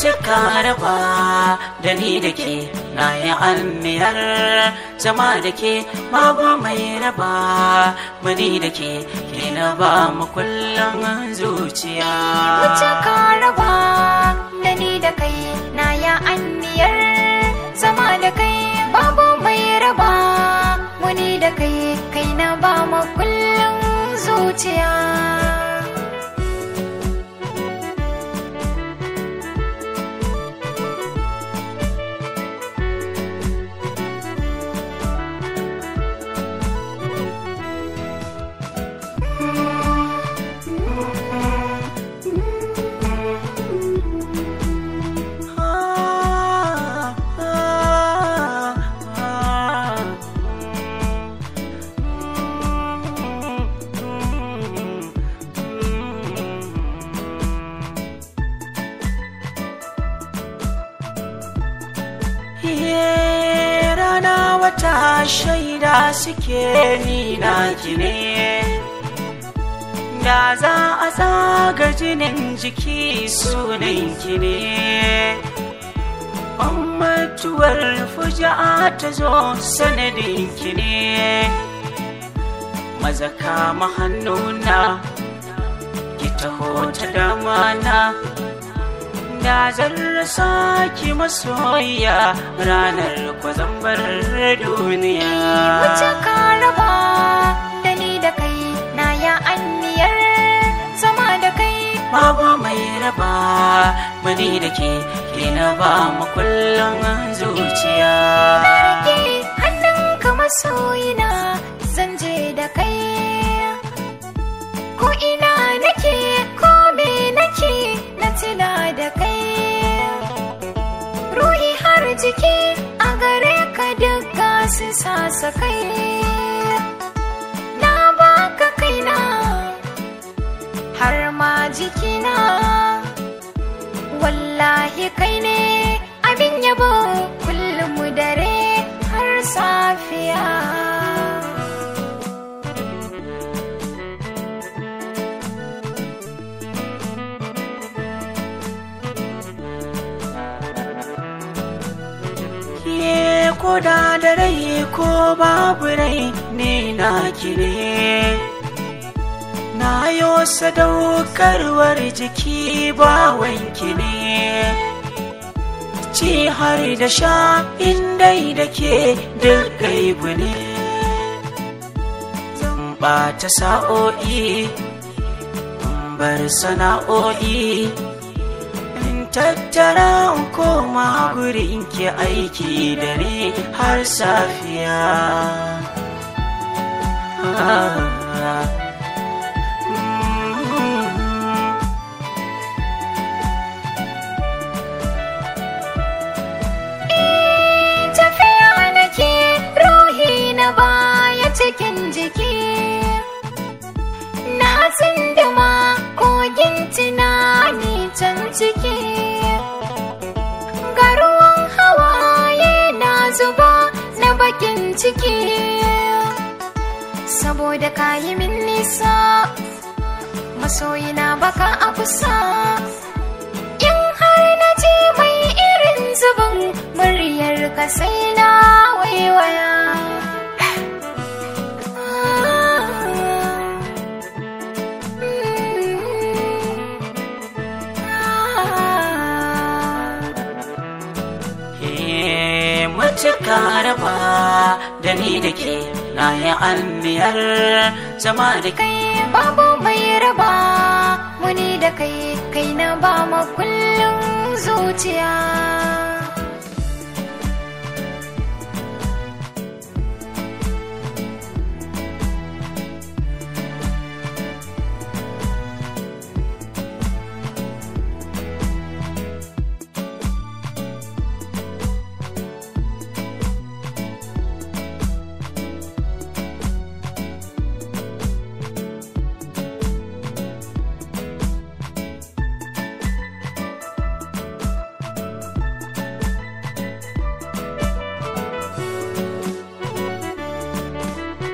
cika raba da ni da ke na yi almiyar zama da ke babu mai raba mani da ke ke na ba mu kullum zuciya cika raba da ni da kai na yi almiyar zama da kai babu mai raba mani da kai kai na ba mu kullum zuciya ke rana wata shaida suke ni na da za a tsaga jinin jiki sunan ki ne matuwar fuja'a ta zo sanadin ki mazaka mahannuna ki taho ta damana da zan rasa ki masoya ranar kwazambar zan bar duniya wuce ka raba da ni da kai na ya anniyar zama da kai babu mai raba mani da ke ke na ba mu kullum zuciya na rike hannun ka masoyina masu sasa kai na baka kaina har ma jikina wallahi kai ne abin yabo ko da da rai ko babu rai ne na kire na yo sadaukarwar jiki ba wanki ne ci har da sha indai da ke duk ne zan ɓata sa'o'i bar sana'o'i tattara in koma gurin ki aiki dare har safiya ah, ciki saboda ka yi min nisa masoyina baka a kusa in har na ji mai irin zubin muryar ka sai wacce ka raba da ni da ke na yi almiyar zama da kai babu mai raba wani da kai kai na ba ma kullum zuciya